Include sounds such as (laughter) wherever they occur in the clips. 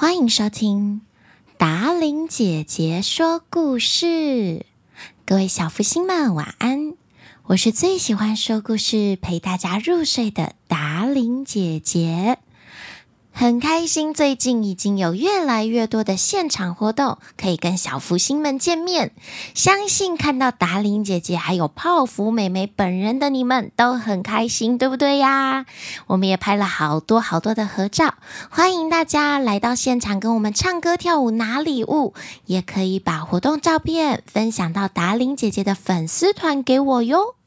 歡迎收聽達伶姐姐說故事，各位小芙星們晚安！我是最喜歡說故事陪大家入睡的達伶姐姐。很開心，最近已經有越來越多的現場活動可以跟小福星芙們見面。相信看到達伶姐姐還有泡芙妹妹本人的你們都很開心，對不對呀？我們也拍了好多好多的合照，歡迎大家來到現場跟我們唱歌跳舞拿禮物，也可以把活動照片分享到達伶姐姐的粉絲團給我喲。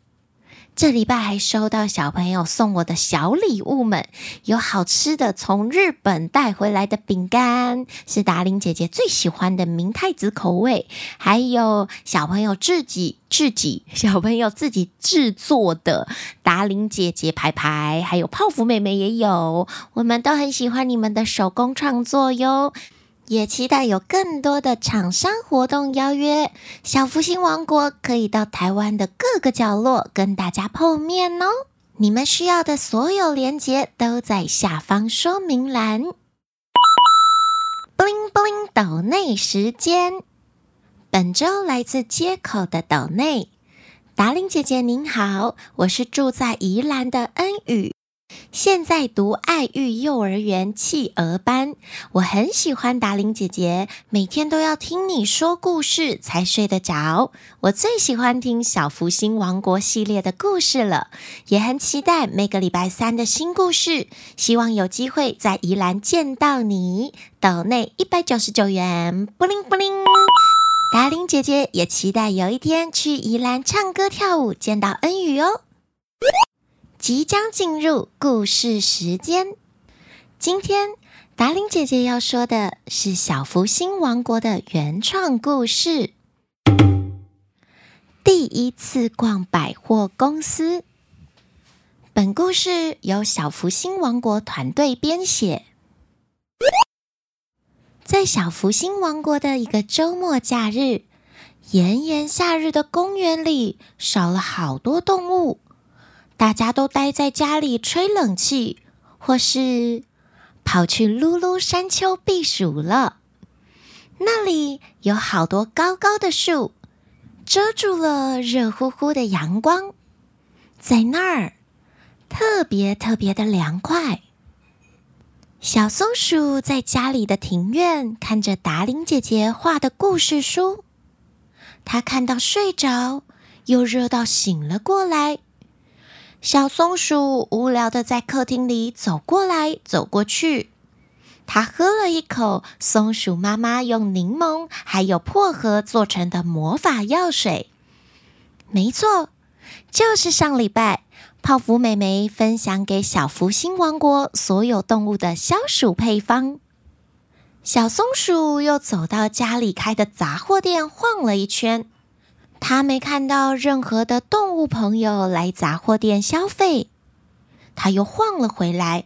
這禮拜還收到小朋友送我的小禮物們，有好吃的從日本帶回來的餅乾，是達伶姐姐最喜歡的明太子口味，還有小朋友自己自己小朋友自己制作的達伶姐姐牌牌，還有泡芙妹妹也有，我們都很喜歡你們的手工創作喲。也期待有更多的廠商活動邀約，小芙星王國可以到台灣的各個角落跟大家碰面哦！你們需要的所有鏈接都在下方說明欄。 (noise) bling bling 抖內時間，本周來自街口的抖內，達伶姐姐您好，我是住在宜蘭的恩宇。現在讀愛育幼兒園企鵝班，我很喜歡達伶姐姐，每天都要聽你說故事才睡得着。我最喜歡聽小福星王國系列的故事了，也很期待每個禮拜三的新故事。希望有機會在宜蘭見到你。抖內一百九十九元，布靈布靈。達伶姐姐也期待有一天去宜蘭唱歌跳舞，見到恩宇哦。即將進入故事時間。今天達伶姐姐要說的是小芙星王國的原創故事。第一次逛百貨公司。本故事由小芙星王國團隊編寫。在小芙星王國的一個週末假日，炎炎夏日的公園裡少了好多動物。大家都待在家裡吹冷氣，或是跑去嚕嚕山丘避暑了。那裡有好多高高的樹，遮住了熱乎乎的陽光，在那兒特別特別的涼快。小松鼠在家裡的庭院看着達伶姐姐畫的故事書，它看到睡着，又熱到醒了過來。小松鼠無聊的在客廳裡走過來走過去，它喝了一口松鼠媽媽用檸檬還有薄荷做成的魔法藥水。沒錯，就是上禮拜泡芙美美分享給小芙星王國所有動物的消暑配方。小松鼠又走到家裡開的雜貨店晃了一圈。他沒看到任何的動物朋友來雜貨店消費，他又晃了回來。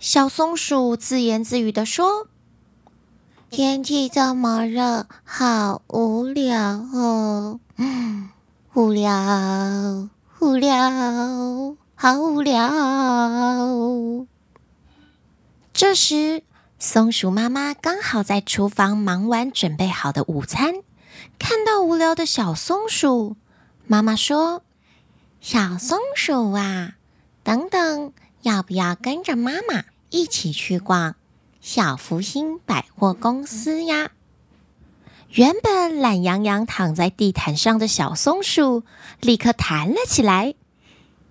小松鼠自言自語地說：“天氣這麼熱，好無聊哦，無聊，無聊，好無聊。”這時，松鼠媽媽剛好在廚房忙完準備好的午餐。看到無聊的小松鼠，媽媽說：“小松鼠啊，等等，要不要跟着媽媽一起去逛小芙星百貨公司呀？”原本懶洋洋躺在地毯上的小松鼠立刻彈了起來：“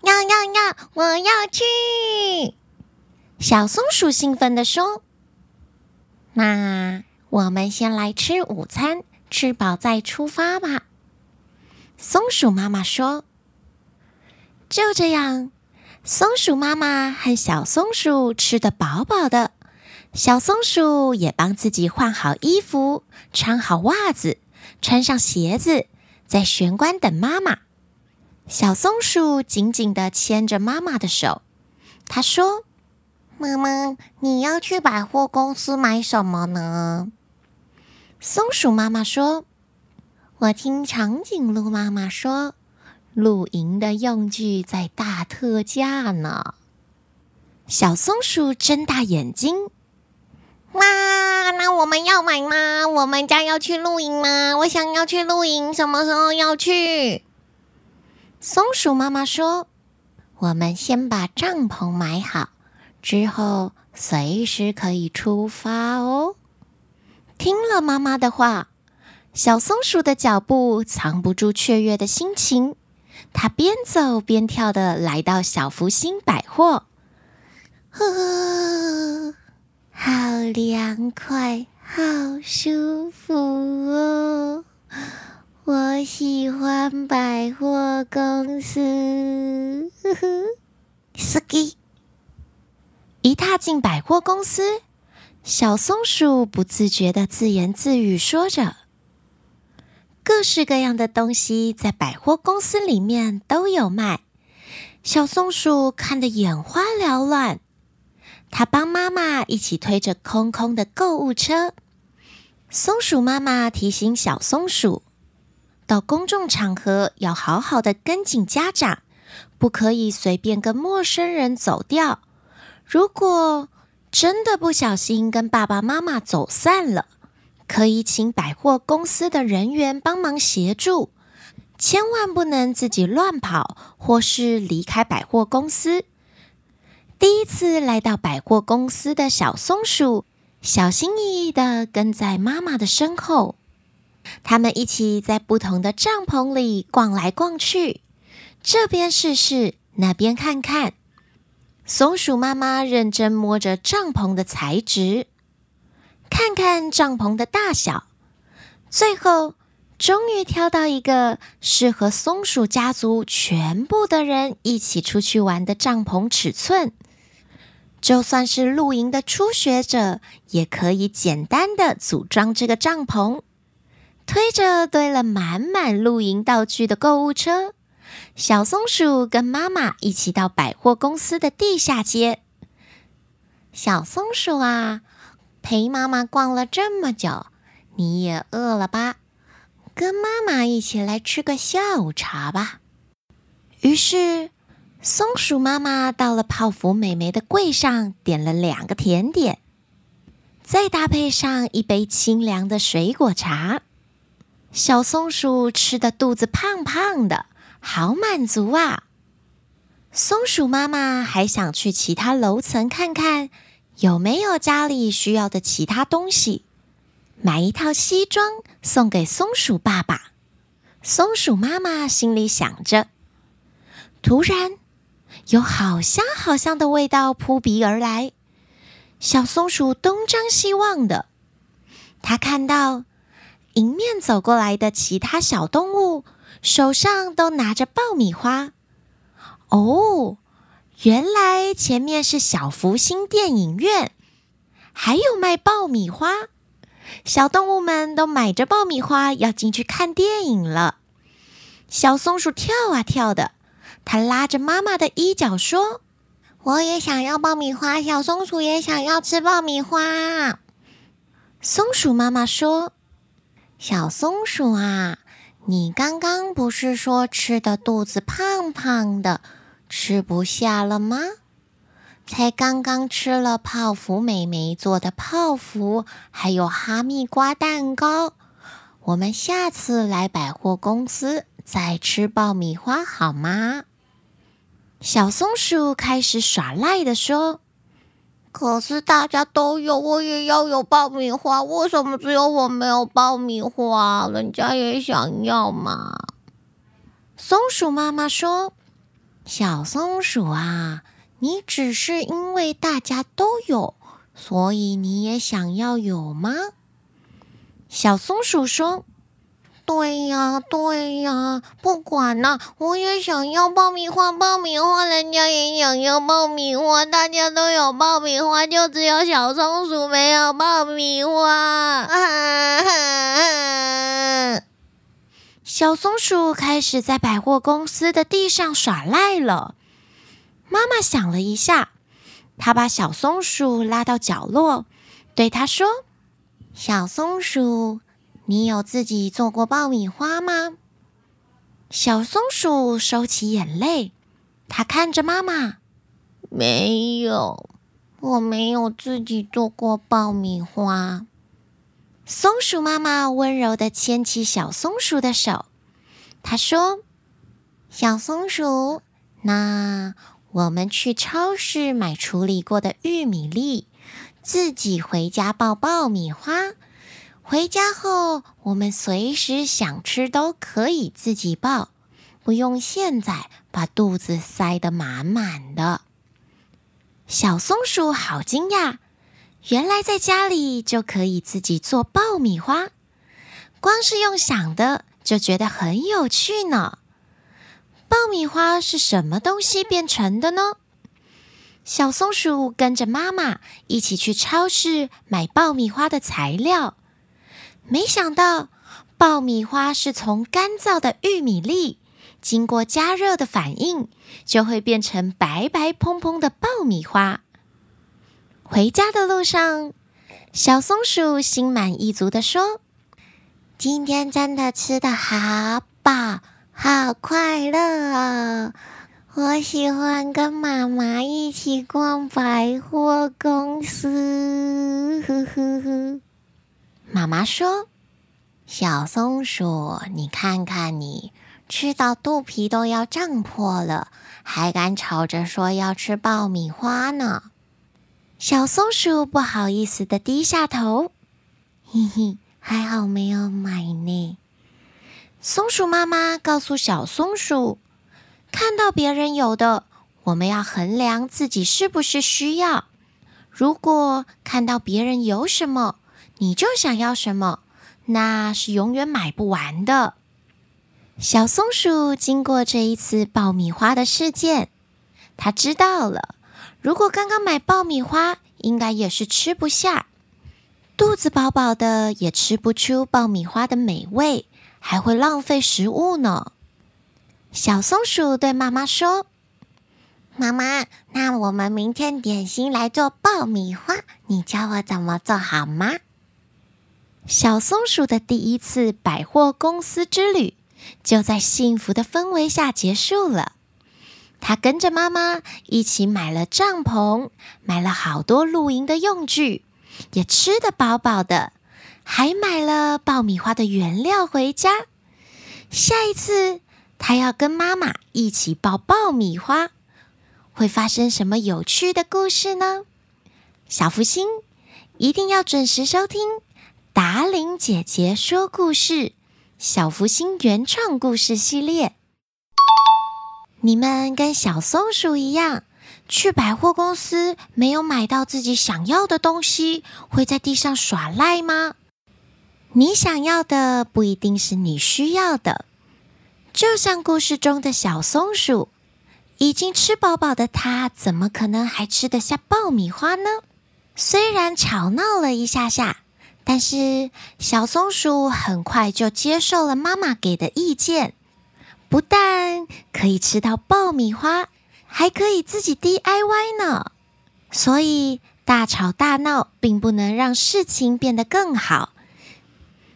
要要要，我要去！”小松鼠興奮地說：“那我們先來吃午餐。”吃飽再出發吧，松鼠媽媽說。就這樣，松鼠媽媽和小松鼠吃得飽飽的，小松鼠也幫自己換好衣服，穿好襪子，穿上鞋子，在玄關等媽媽。小松鼠緊緊地牽着媽媽的手，她說：“媽媽，你要去百貨公司買什麼呢？”松鼠媽媽說：“我聽長頸鹿媽媽說，露營的用具在大特價呢。”小松鼠睜大眼睛：“哇，那我們要買嗎？我們家要去露營嗎？我想要去露營，什麼時候要去？”松鼠媽媽說：“我們先把帳篷買好，之後隨時可以出發哦。”聽了媽媽的話，小松鼠的腳步藏不住雀躍的心情。它邊走邊跳地來到小福星百貨。哦，好涼快，好舒服哦！我喜歡百貨公司，呵 (laughs) 呵，一踏進百貨公司。小松鼠不自覺地自言自語說着：“各式各樣的東西在百貨公司裡面都有賣。”小松鼠看得眼花繚亂，他幫媽媽一起推着空空的購物車。松鼠媽媽提醒小松鼠：“到公眾場合要好好的跟緊家長，不可以隨便跟陌生人走掉。”如果，真的不小心跟爸爸媽媽走散了，可以請百貨公司的人員幫忙協助。千萬不能自己亂跑，或是離開百貨公司。第一次來到百貨公司的小松鼠，小心翼翼地跟在媽媽的身後。他們一起在不同的帳篷裡逛來逛去，這邊試試，那邊看看。松鼠媽媽認真摸着帳篷的材質，看看帳篷的大小，最後終於挑到一個適合松鼠家族全部的人一起出去玩的帳篷尺寸。就算是露營的初學者，也可以簡單的組裝這個帳篷，推着堆了滿滿露營道具的購物車。小松鼠跟媽媽一起到百貨公司的地下街。小松鼠啊，陪媽媽逛了這麼久，你也餓了吧？跟媽媽一起來吃個下午茶吧。於是，松鼠媽媽到了泡芙美眉的櫃上，點了兩個甜點，再搭配上一杯清涼的水果茶。小松鼠吃得肚子胖胖的。好滿足啊！松鼠媽媽還想去其他樓層看看有沒有家裡需要的其他東西，買一套西裝送給松鼠爸爸。松鼠媽媽心裡想着，突然有好香好香的味道撲鼻而來。小松鼠東張西望的，它看到迎面走過來的其他小動物。手上都拿着爆米花，哦，原來前面是小芙星電影院，還有賣爆米花。小動物們都買着爆米花要進去看電影了。小松鼠跳啊跳的，它拉着媽媽的衣角說：“我也想要爆米花，小松鼠也想要吃爆米花。”松鼠媽媽說：“小松鼠啊。”你剛剛不是說吃的肚子胖胖的，吃不下了嗎？才剛剛吃了泡芙美美做的泡芙，還有哈密瓜蛋糕。我們下次來百貨公司再吃爆米花好嗎？小松鼠開始耍賴地說。可是大家都有，我也要有爆米花。為什麼只有我沒有爆米花？人家也想要嘛。松鼠媽媽說：“小松鼠啊，你只是因為大家都有，所以你也想要有嗎？”小松鼠說。對呀，對呀，不管了啊，我也想要爆米花，爆米花，人家也想要爆米花，大家都有爆米花，就只有小松鼠沒有爆米花。 (laughs) 小松鼠開始在百貨公司的地上耍賴了。媽媽想了一下，她把小松鼠拉到角落，對她說：“小松鼠。”你有自己做過爆米花嗎？小松鼠收起眼淚，它看着媽媽，沒有，我沒有自己做過爆米花。松鼠媽媽溫柔地牽起小松鼠的手，它說：“小松鼠，那我們去超市買處理過的玉米粒，自己回家爆爆米花。”回家後，我們隨時想吃都可以自己爆，不用現在把肚子塞得滿滿的。小松鼠好驚訝，原來在家裡就可以自己做爆米花，光是用想的就覺得很有趣呢。爆米花是什麼東西變成的呢？小松鼠跟着媽媽一起去超市買爆米花的材料。沒想到，爆米花是從乾燥的玉米粒經過加熱的反應，就會變成白白蓬蓬的爆米花。回家的路上，小松鼠心滿意足的說：“今天真的吃的好飽，好快樂啊，哦！我喜歡跟媽媽一起逛百貨公司。”呵呵呵。媽媽說：“小松鼠，你看看你，吃到肚皮都要脹破了，還敢吵着說要吃爆米花呢！”小松鼠不好意思的低下頭，嘿嘿，還好沒有買呢。松鼠媽媽告訴小松鼠：“看到別人有的，我們要衡量自己是不是需要。如果看到別人有什麼，”你就想要什麼，那是永遠買不完的。小松鼠經過這一次爆米花的事件，牠知道了，如果剛剛買爆米花，應該也是吃不下，肚子飽飽的也吃不出爆米花的美味，還會浪費食物呢。小松鼠對媽媽說：“媽媽，那我們明天點心來做爆米花，你教我怎麼做好嗎？”小松鼠的第一次百貨公司之旅，就在幸福的氛圍下結束了。它跟着媽媽一起買了帳篷，買了好多露營的用具，也吃得飽飽的，還買了爆米花的原料回家。下一次，它要跟媽媽一起爆爆米花，會發生什麼有趣的故事呢？小芙星一定要準時收聽。達伶姐姐說故事，《小芙星原創故事系列》。你們跟小松鼠一樣，去百貨公司沒有買到自己想要的東西，會在地上耍賴嗎？你想要的不一定是你需要的。就像故事中的小松鼠，已經吃飽飽的它，它怎麼可能還吃得下爆米花呢？雖然吵鬧了一下下。但是小松鼠很快就接受了媽媽給的意見，不但可以吃到爆米花，還可以自己 DIY 呢。所以大吵大鬧並不能讓事情變得更好。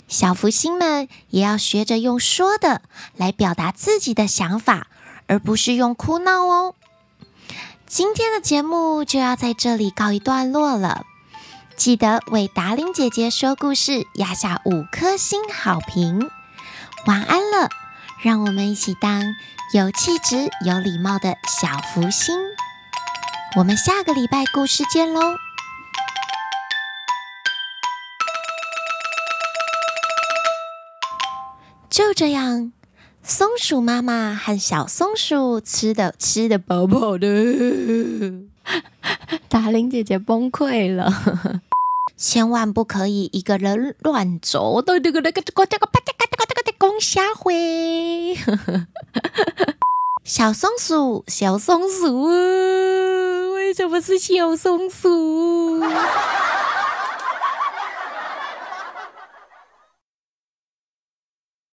小芙星們也要學着用說的來表達自己的想法，而不是用哭鬧哦。今天的節目就要在這裡告一段落了。記得為達伶姐姐說故事壓下五顆星好評，晚安了！讓我們一起當有氣質、有禮貌的小芙星。我們下個禮拜故事見嘍！就這樣，松鼠媽媽和小松鼠吃的吃的飽飽的， (laughs) 達伶姐姐崩潰了。 (laughs) 千萬不可以一個人亂走，我都個那個這個這個這個這個這個這個公蝦灰，小松鼠，小松鼠，為什麼是小松鼠？